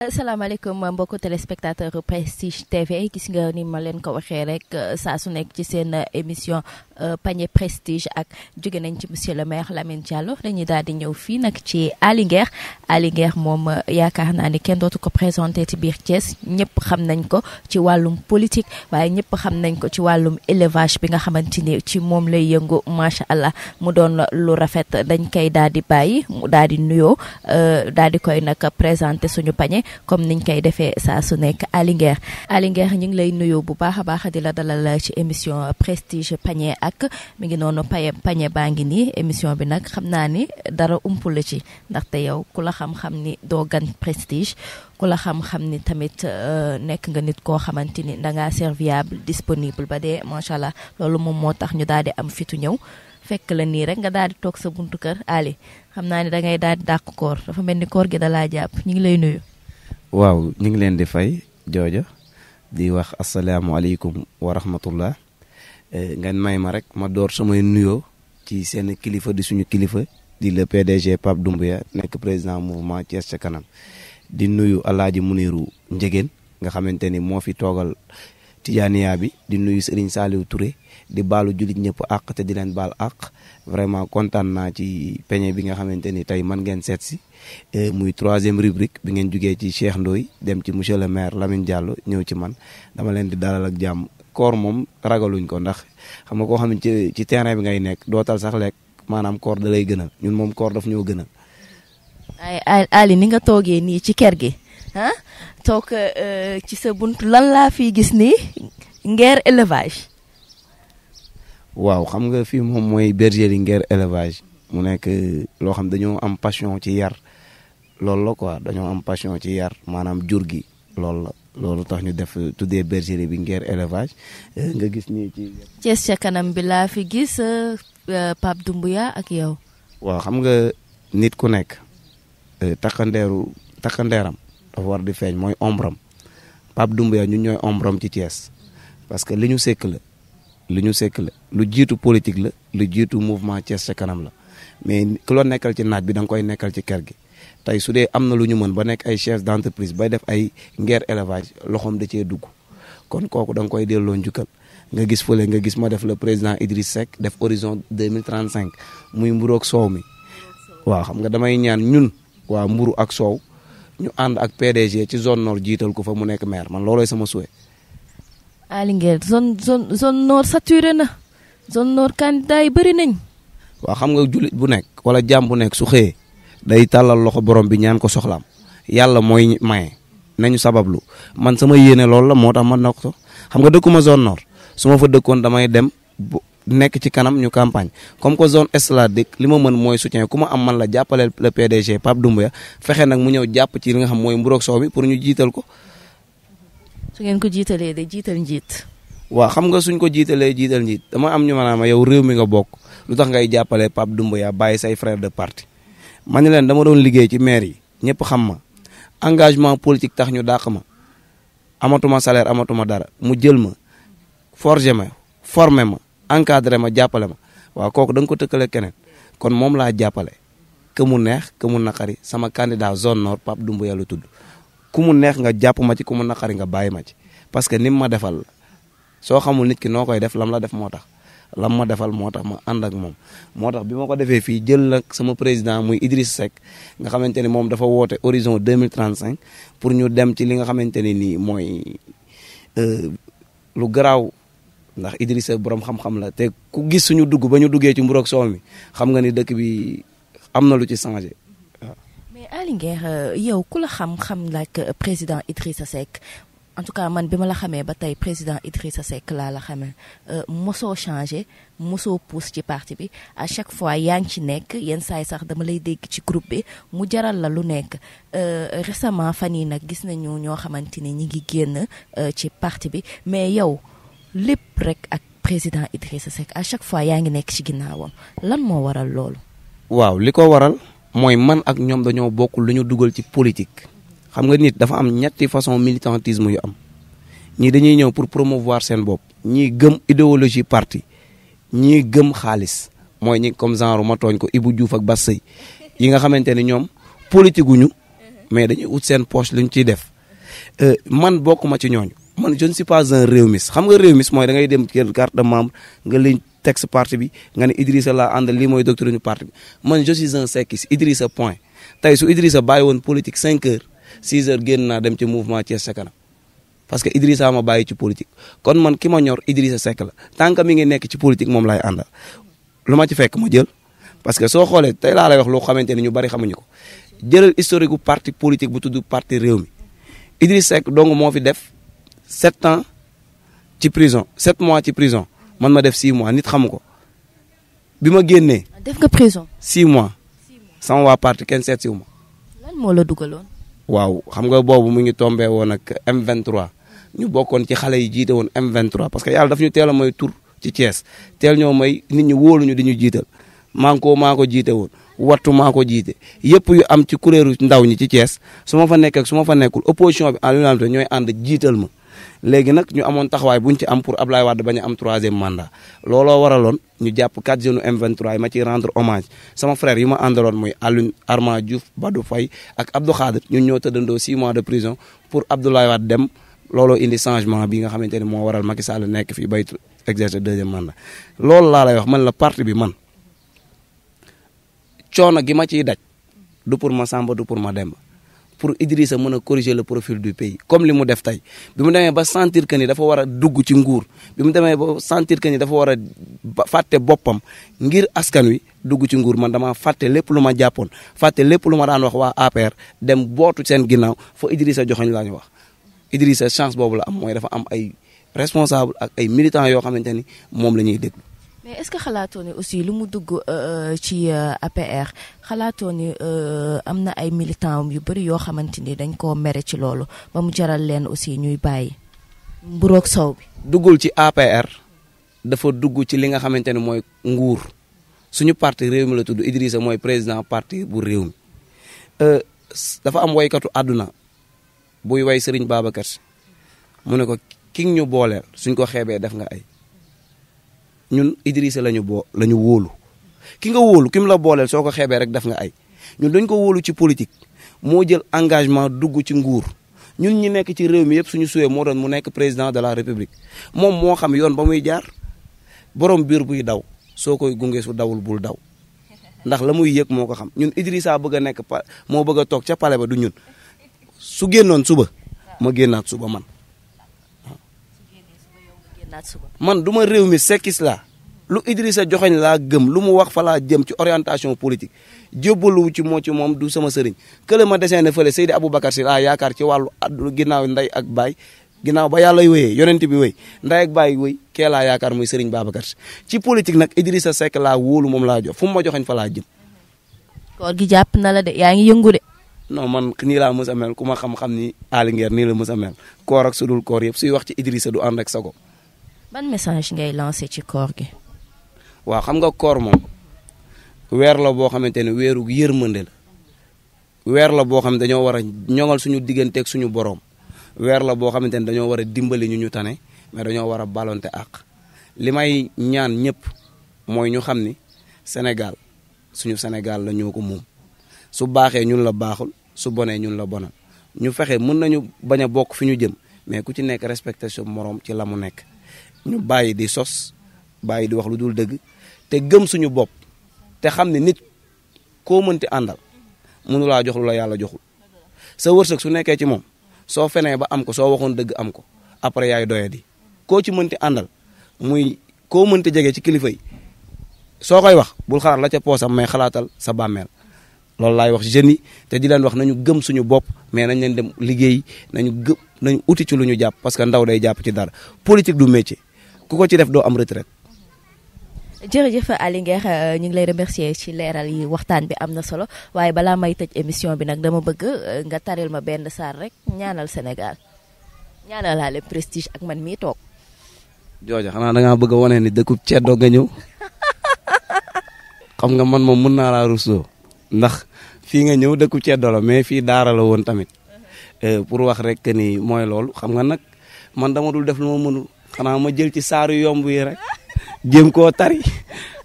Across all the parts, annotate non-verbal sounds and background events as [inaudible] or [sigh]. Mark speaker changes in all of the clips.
Speaker 1: asalaamaaleykum uh, mbokku téléspectateur Prestige TV gis nga ni ma leen ko waxee rek uh, saa su nekk ci seen uh, émission Euh, pañe prestige ak jóge nañ ci monsieur le maire Lamine Diallo dañuy daal di ñëw fii nag ci Aly Nguer moom euh, yaakaar naa ni kenn dootu ko présenté ci biir Thiès ñëpp xam nañ ko ci wàllum politique waaye ñëpp xam nañ ko ci wàllum élevage bi nga xamante ni ci moom lay yëngu macha allah mu doon lu rafet dañ koy daal di bàyyi mu daal di nuyoo euh, daal di koy nag présenté suñu pañe comme niñ koy defee saa su nekk Aly Nguer Aly ñu ngi lay nuyoo bu baax a baax di la dalal ci émission prestige panier ak mi ngi noonu paye pañe baa ngi émission bi nak xamna ni dara umpul ci te yow kula xam-xam ni do gan prestige kula xam-xam ni tamit euh, nek nga nit ko xamanteni da nga serviable disponible ba dee macha allah loolu moom ñu daal am fitu ñew fekk la ni rek nga daal tok sa buntu kër Ali xamna ni da ngay daal dak koor dafa melni koor gi da la japp ñi ngi lay nuyu.
Speaker 2: waaw ñi ngi len di fay jojo di wax alaykum wa rahmatullah Eh, ngeen may ma rek ma door samay nuyoo ci seen kilifa di suñu kilifa di le PDG Pape Doumbouya nekk président mouvement Thiès ca kanam di nuyu alaaji muniru njegeen nga xamante ni moo fi toogal tijaniya bi di nuyu serigne saliw touré di balu julit ñepp ak te di len bal ak vraiment content na ci peñe bi nga xamanteni tay man ngeen set ci euh muy 3e rubrique bi ngeen joggé ci cheikh ndoy dem ci monsieur le maire lamine diallo ñew ci man dama len di dalal ak jamm koor moom ragaluñ ko ndax xam nga koo xam ne ci ci terrain bi ngay nekk dootal sax lekk maanaam koor dalay lay gënal ñun moom koor dafa ñoo gëna
Speaker 1: ay Ali ni nga toogee nii ci kër gi ah toog euh, ci sa bunt lan laa fi gis ni Nguer élevage.
Speaker 2: waaw xam nga fii moom mooy bergerie Nguer élevage mu nekk euh, loo xam dañoo am passion ci yar loolu la quoi dañoo am passion ci yar maanaam jur gi. loolu la loolu tax ñu def tuddee bergerie bi ngir élevage eh, nga gis ni ci
Speaker 1: Thiès ca kanam bi laa fi gis eh, eh, Pape Doumbouya ak yow
Speaker 2: waaw xam nga nit ku nekk takkandeeru takkandeeram dafa war di feeñ mooy ombram Pape Doumbouya ñun ñooy ombram ci Thiès parce que li ñu sekk la lu ñu sekk la lu jiitu politique la lu jiitu mouvement Thiès ca kanam la mais ku la nekkal ci naaj bi da koy nekkal ci kër gi tey su dee am na lu ñu mën ba nekk ay chef d' entreprise bay def ay ngeer élevage loxoom da cee dugg kon kooku danga nga koy delloo njukkal nga gis fole nga gis ma def le président Idriss Seck def horizon 2035 muy mburu ak soow mi waaw xam nga damay ñaan ñun waa mburu ak soow ñu ànd ak PDG ci zone nord jiital ko fa mu nekk maire man loolooy sama souhait.
Speaker 1: Aly Nguer zone zone nord saturé na zone nord candidat yi bëri nañ.
Speaker 2: waaw xam nga jullit bu nekk wala jàmm bu nekk su xëyee. day tàllal loxo borom bi ñaan ko soxlaam yàlla mooy maye nañu sabablu man sama yéene loolu la moo tax man na ko xam nga ma zone nord su ma fa dëkkoon damay dem nekk ci kanam ñu campagne comme que zone est la dëkk li ma mën mooy soutien ku ma am man la jàppaleel le PDG Pape Doumbia nag mu ñëw jàpp ci li nga xam mooy mburoog soow bi pour ñu jiital ko.
Speaker 1: su ngeen ko jiitalee de jiital njiit.
Speaker 2: waaw xam nga suñ ko jiitalee jiital njiit dama am ñu maanaam yow réew mi nga bokk lu tax ngay jàppale Pape Doumbia bàyyi say frère de parti. ma ne leen dama doon liggéey ci maire yi ñëpp xam ma engagement politique tax ñu dàq ma amatuma salaire amatuma dara mu jël ma forger ma former ma encadrer ma jàppale ma waaw kooku da nga ko tëkkale keneen kon moom laa jàppale que mu neex que mu naqari sama candidat zone nord Pape Doumbouya la tudd ku mu neex nga jàpp ma ci ku mu naqari nga bàyyi ma ci parce que ni mu ma defal la soo xamul nit ki noo koy def lam la def moo tax lam ma defal moo tax ma ànd ak moom moo tax bi ma ko defee fii jël nag sama président muy Idriss Seck nga xamante ni moom dafa woote horizon cinq pour ñu dem ci li nga xamante ne nii mooy euh, lu garaaw ndax Idriss Seck borom xam-xam la te ku gis suñu dugg ba ñu duggee ci mbuur ak soow mi xam nga ni dëkk bi am na lu ci changé
Speaker 1: mais Aly euh, yow ku xam-xam laak euh, président Idrissa Seck en tout cas man bi ma la xamee ba tey président Idrissa Seck laa la xamee euh, mosoo changé mosoo pousse ci parti bi à chaque fois yaa ngi ci nekk yenn saay sax dama lay dégg ci groupe bi mu jaral la lu nekk euh, récemment fan yii nag gis nañu ñoo xamante ni ñi ngi génn euh, ci parti bi mais yow lépp rek ak président Idrissa Seck chaque fois yaa ngi nekk ci ginnaawam lan moo waral loolu.
Speaker 2: waaw li ko waral mooy man ak ñoom dañoo bokk lu ñu dugal ci politique. xam nga nit dafa am ñetti façon militantisme yu am ñii dañuy ñëw pour promouvoir seen bopp ñii gëm idéologie parti ñii gëm xaalis mooy ñi comme genre ma tooñ ko Ibou Diouf ak Bass Seye yi nga xamante ne ñoom politique guñu mais dañuy ut seen poche luñ ciy def euh, man bokkuma ci ñooñu man je ne suis pas un réewmis xam nga réewmis mooy da ngay dem jël carte de membre nga liñ texte parti bi nga ne Idrissa laa àndal lii mooy doctrine parti bi man je suis un séquiste Idrissa su Idrissa bàyyi woon politique 5 heures. 6 heures génn naa dem ci mouvement Thiès sa kanam parce que Idrissa ma bàyyi ci politique kon man ki ma ñor Idrissa Seck la tant que mi ngi nekk ci politique moom laay àndal lu ma ci fekk ma jël parce que soo xoolee tey laa lay wax loo xamante ni ñu bari xamuñu ko jëlal historique bu parti politique bu tudd parti réew mi Idrissa Seck dong moo fi def 7 ans ci prison 7 mois ci prison man ma def 6 mois nit xamu ko bi ma génnee.
Speaker 1: def nga prison
Speaker 2: 6 mois. sama waa parti kenn seet si wu ma. waaw xam nga boobu mu ngi tombé woon ak M23 ñu bokkoon ci xale yi jiite woon M23 parce que yàlla dafa ñu teel a may tur ci Thiès teel ñoo may nit ñi wóoluñu di ñu jiital manko maa ko jiite woon wattu maa ko jiite yëpp yu am ci kuréelu ndaw ñi ci Thiès su ma fa nekk ak su ma fa nekkul opposition bi en ñooy ànd jiital ma léegi nag ñu amoon taxawaay bu ñu ci am pour Ablaye Wade bañ a am troisième mandat looloo waraloon ñu jàpp quatre jeunes M23 yi ma ciy rendre hommage sama frère yi ma àndaloon muy Alioune Arma Diouf Badou Faye ak Abdou Khadir ñu ñoo tëddandoo six mois de prison pour Abdoulaye Wade dem looloo indi changement bi nga xamante ne moo waral Macky Sall nekk fii bay exercer deuxième mandat loolu laa lay wax man la parti bi man coono gi ma ciy daj du pour ma Samba pour ma Demba pour Idrissa mën a corriger le profil du pays comme li mu def tey bi mu demee ba sentir que ni dafa war a dugg ci nguur bi mu demee ba sentir que ni dafa war a fàtte boppam ngir askan wi dugg ci nguur man dama fàtte lépp lu ma jàppoon fàtte lépp lu ma daan wax waa APR dem bootu seen ginnaaw fa Idrissa joxoñ laa ñu wax Idrissa chance boobu la am mooy dafa am ay responsable ak ay militants yoo xamante ni moom la ñuy déglu
Speaker 1: mais est-ce que xalaatoo ni aussi lu mu dugg euh, euh, ci euh, APR xalaatoo ne am na ay militants yu bëri yoo xamante ni dañ koo mere ci loolu ba mu jaral leen aussi ñuy bàyyi mburoog sow bi.
Speaker 2: duggul ci APR dafa dugg ci li nga xamante ne mooy nguur suñu parti réew mi la tudd Idrissa mooy président parti bu réew mi dafa am woykatu àdduna buy way Serigne Babacar mu ne ko ki ñu booleel suñ ko xeebee def nga ay. ñun Idrissa lañu boo la ñu wóolu ki nga wóolu ki mu la booleel soo ko xeebee rek def nga ay ñun dañ ko woolu ci politique moo jël engagement dugg ci nguur ñun ñu nekk ci réew mi yëpp suñu suwee moo doon mu nekk président de la république moom moo xam yoon ba muy jaar borom biir buy daw soo koy gunge su dawul bul daw ndax la muy yëg moo ko xam ñun Idrissa bëgg a nekk moo bëgg a toog ca palais ba du ñun su génnoon suba ma génnaat suba man. man duma ma réew mi sekkis laa lu Idrissa joxoñ laa gëm lu mu wax fa laa jëm ci orientation politique jébbaluwu ci moo ci moom du sama sëriñ kële ma desee ne fële Seydi Aboubacar Si laa yaakaar ci wàllu addu ginnaaw ndey ak baay ginnaaw ba yàlla wéyee yonent bi wéy nday ak bàyyi wéy kee laa yaakaar muy Serigne Babacar ci politique nag Idrissa sek laa wóolu moom laa jox fu mu ma joxeñ fa laa jëm.
Speaker 1: koor gi jàpp na la de yaa ngi yëngu de.
Speaker 2: non man nii laa mës a mel ku ma xam ni Aly Nguer nii la mës a mel koor ak sudul koor yëpp suy wax ci Idrissa du ànd ak
Speaker 1: ban message ngay lancé ci koor gi.
Speaker 2: waaw xam nga koor moom weer la boo xamante ne weeru yërmande la weer la boo xam dañoo war a ñoŋal suñu digganteeg suñu boroom weer la boo xamante ne dañoo war a dimbali ñu ñu tane mais dañoo war a balonte àq li may ñaan ñëpp mooy ñu xam ni Sénégal suñu Sénégal la ñoo ko moom su baaxee ñun la baaxul su bonee ñun la bonal ñu fexe mën nañu bañ a bokk fi ñu jëm mais ku ci nekk respecte su moroom ci la mu nekk. ñu bàyyi di sos bàyyi di wax lu dul dëgg te gëm suñu bopp te xam ne nit koo mënti àndal mënu laa jox lu la yàlla joxul sa wërsëg su nekkee ci moom soo fenee ba am ko soo waxoon dëgg am ko après yaay di koo ci mënti àndal muy koo mën mënti jege ci kilifa yi soo koy wax bul xalaat la ca poosam mais xalaatal sa bàmmeel loolu laay wax jeunes yi te di leen wax nañu gëm suñu bopp mais nañ leen dem liggéey nañu gëm nañu uti ci lu ñu jàpp parce que ndaw day jàpp ci dara politique du métier. ku ko ci def do am retraite
Speaker 1: jërëjëf Ali Nguer euh, ñu ngi lay remercier ci leeral yi waxtaan bi am na solo waaye bala may tëj émission bi nag dama bëgg euh, nga taril ma benn saar rek ñaanal Sénégal le prestige ak man mii toog
Speaker 2: jooja xanaa da ngaa bëgg a wane ni dëkkub ceddo nga ñëw [laughs] xam nga man moom mun naa laa rusoo ndax fii nga ñëw dëkkub ceddo la mais fi dara la woon tamit uh-huh. euh, pour wax rek ni mooy loolu xam nga nak man dama dul def lu ma mënul xanaa ma jël ci saaru yomb yi rek jéem koo tari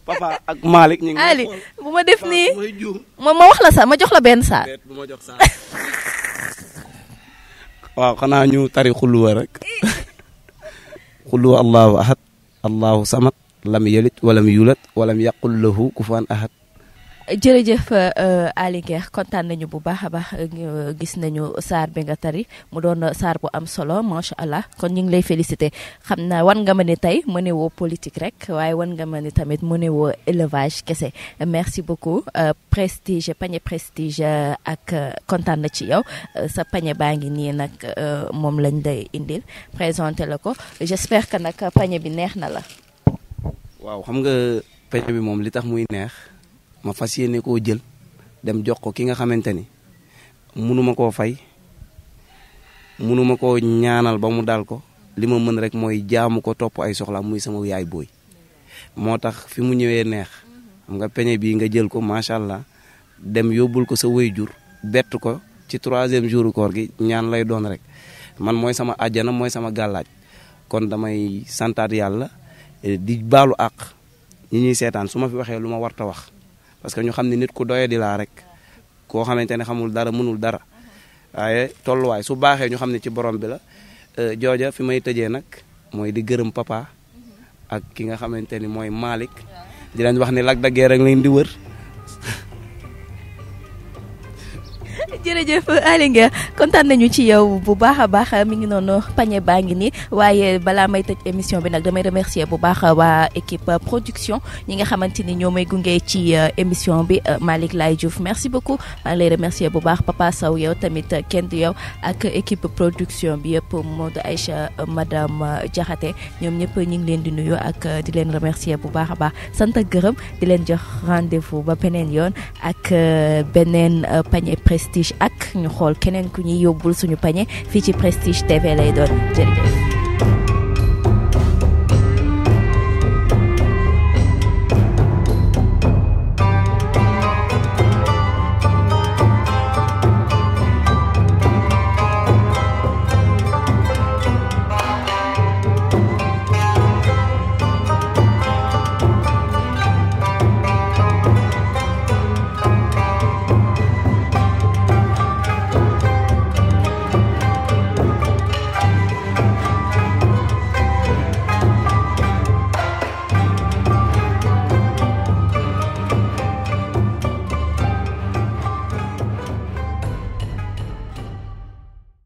Speaker 2: papa ak Malick ñu
Speaker 1: bu ma def nii ma ma wax la ma jox la benn saar. [laughs]
Speaker 2: waaw xanaa ñu tari xulluwa rek xulluwa allahu ahad allahu samad lam yalit walam yulat walam yaqul lahu kufuwan ahad
Speaker 1: jërëjëf euh, Aly Nguer kontaan nañu bu baax a baax euh, euh, gis nañu Sar bi nga tari mu doon Sar bu am solo macha allah kon ñu ngi lay félicité xam naa wan nga ma ne tey mu politique rek waaye wan nga ma ne tamit mu élevage kese merci beaucoup prestige panier prestige ak kontaan na ci yow sa panier baa ngi nii nag moom lañ day indil présenté la ko j'espère que nag panier bi neex na
Speaker 2: la. waaw xam nga panier bi moom li tax muy neex. ma fas yéene koo jël dem jox ko ki nga xamante ni munuma koo fay munuma koo ñaanal ba mu dal ko li ma mën rek mooy jaamu ko topp ay soxla muy sama yaay booy moo tax fi mu ñëwee neex xam nga peñe bii nga jël ko macha allah dem yóbbul ko sa wéy jur bett ko ci troisième jour koor gi ñaan lay doon rek man mooy sama àjjana mooy sama gàllaaj kon damay santaat yàlla eh, di baalu àq ñi ñuy seetaan su ma fi waxee lu ma warta wax parce que ñu xam ne nit ku doyee di laa rek koo xamante ne xamul dara mënul dara waaye tolluwaay su baaxee ñu xam ne ci borom bi la euh, jooja fi may tëjee nag mooy di gërëm papa ak ki nga xamante ni mooy Malick di leen wax ni Lac de Guiers rek lañ di wër
Speaker 1: jërëjëf Alinga kontaan nañu ci yow bu baax a baax mi ngi noonu pañe baa ngi nii waaye balaa may tëj émission bi nag damay remercier bu baax waa équipe production ñi nga xamante ni ñoo may gunge ci euh, émission bi euh, Malick Laye Diouf merci beaucoup maa ngi lay remercier bu baax Papa saw yow tamit euh, kenn yow ak équipe production bi yëpp Modou Aïcha madame Diakhaté ñoom ñëpp ñu ngi leen di nuyu ak di leen remercier bu baax a baax sant ak gërëm di leen jox rendez-vous ba beneen yoon ak beneen pañe prestige prestige ak ñu xool keneen ku ñuy yóbbul suñu pañe fii ci prestige TV lay doon jërëjëf.